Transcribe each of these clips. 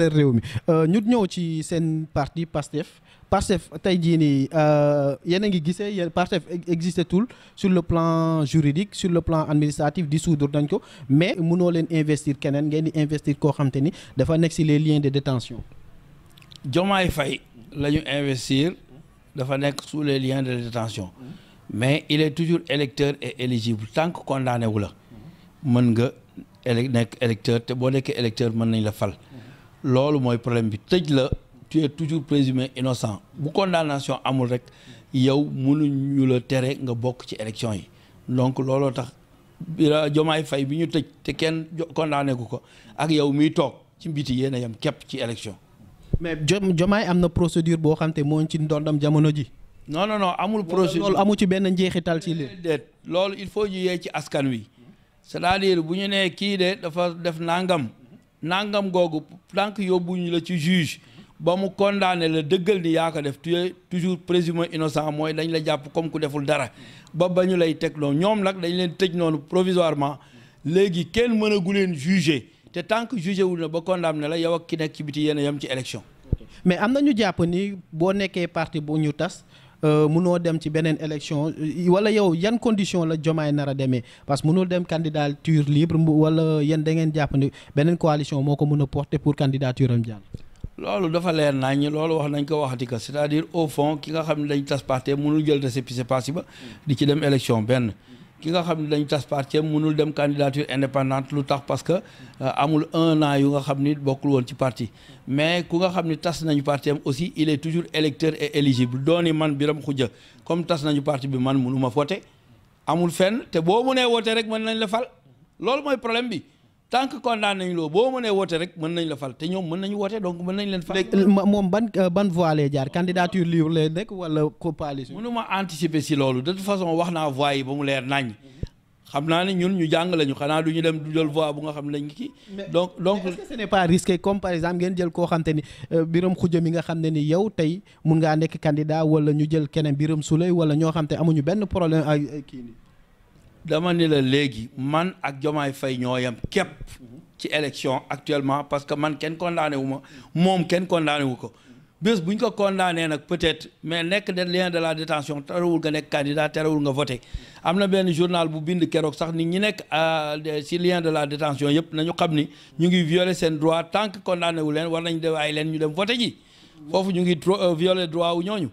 réew mi euh, ñu ñëw ci seen parti Pastef Pastef tey jii nii euh, yéen a ngi gisee yéen Pastef e-, existe tul sur le plan juridique sur le plan administratif dissoudre nañ ko mais munoo leen investir keneen ngeen di investir koo xam ni dafa nekk si les lien de détention Diomaye Faye la ñu investir dafa nekk sous les liens de détention mais il est toujours électeur et éligible tant que condamné wu la mën nga élec nekk électeur te boo nekkee électeur mën nañ la fal loolu mooy problème bi tëj la tu es toujours présumé innocent bu condamnation amul rek yow mënuñu la tere nga bokk ci élection yi donc looloo tax Diomaye fay bi ñu tëj te kenn condamné ko ko ak yow miy toog ci mbiti yéen a yem képp ci élection. mais Diomaye am na procédure boo xam moo ci ndondam jamono ji. non non amul procédure loolu amu ci benn njeexital ci loolu il faut ñu yee ci askan wi cest à bu ñu nee kii de dafa def nangam. nangam googu tant que yóbbuñu la ci juge ba mu condamné la dëggal ni yaa ko def tu es toujours présumé innocent mooy dañ la jàpp comme ku deful dara ba ba ñu lay teg loolu ñoom nag dañ leen tëj noonu provisoirement léegi kenn mën gu leen jugé te tant que jugé wul na ba kondaam ne la yow ak ki nekk ci biti yéen a yem ci élection. mais am na ñu jàpp ni boo nekkee partie bu ñu tas. Euh, munoo dem ci beneen élection euh, wala yow yan condition la jomaay nar a demee parce que munul dem candidature libre wala yéen da ngeen jàpp ne beneen coalition moo ko mën a porter pour candidature am jàll. loolu dafa leer ñi loolu wax nañ ko wax ko c'est-à-dire au fond ki nga xam ne dañ tas parti mënul jël récépissé parti ba di ci dem élection benn. ki nga xam ne dañ tas parti am dem candidature indépendante lu tax parce que euh, amul un an yu nga xam ni bokkul woon ci parti mais ku nga xam ni tas nañu parti am aussi il est toujours électeur et éligible dooni man Biram Khoudia comme tas nañu parti bi man mënuma foote amul fenn te boo nee wootee rek mën nañ la fal loolu mooy problème bi tant que condamné nañ loo boo mënee woote rek mën nañ la fal te ñoom mën nañu woote donc mën nañ leen fal. moom ban euh, ban voie lay jaar candidature libre lay nekk wala coalition. mënu ma anticiper si loolu de toute wax naa voie yi ba mu leer nañ xam naa ne ñun ñu jàng lañu xanaa du ñu dem du jël voie bu nga xam ne dañ kii. donc donc est-ce que comme par exemple ngeen jël koo xam te ni euh, Birame Khoudia mi nga xam ne ni yow tey mun ngaa nekk candidat wala ñu jël keneen Birame Souleye wala ñoo xam amuñu benn problème ak kii nii. dama ni la léegi man ak Diomaye fay ñoo yam képp ci élection actuellement parce que man kenn condamné wu ma moom kenn condamné wu ko bés bu ñu ko condamné nag peut-être mais nekk de lien de la détention terewul nga nekk candidat terewul nga vote am na benn journal bu bind keroog sax nit ñi nekk euh, ci lien de la détention yëpp ñu xam ni ñu ngi violer seen droit tant que wu leen war nañ dewaay leen ñu dem voté ji foofu ñu ngi euh, violer droit wu ñooñu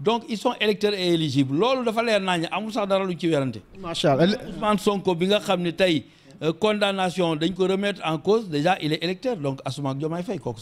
donc ils sont électeurs et éligibles loolu dafa leer naa amul sax dara lu ci werante macha allah Ousmane Sonko bi nga xam ne tey euh, condamnation dañ ko remettre en cause déjà il est donc Assuma ak Diomaye Faye kooku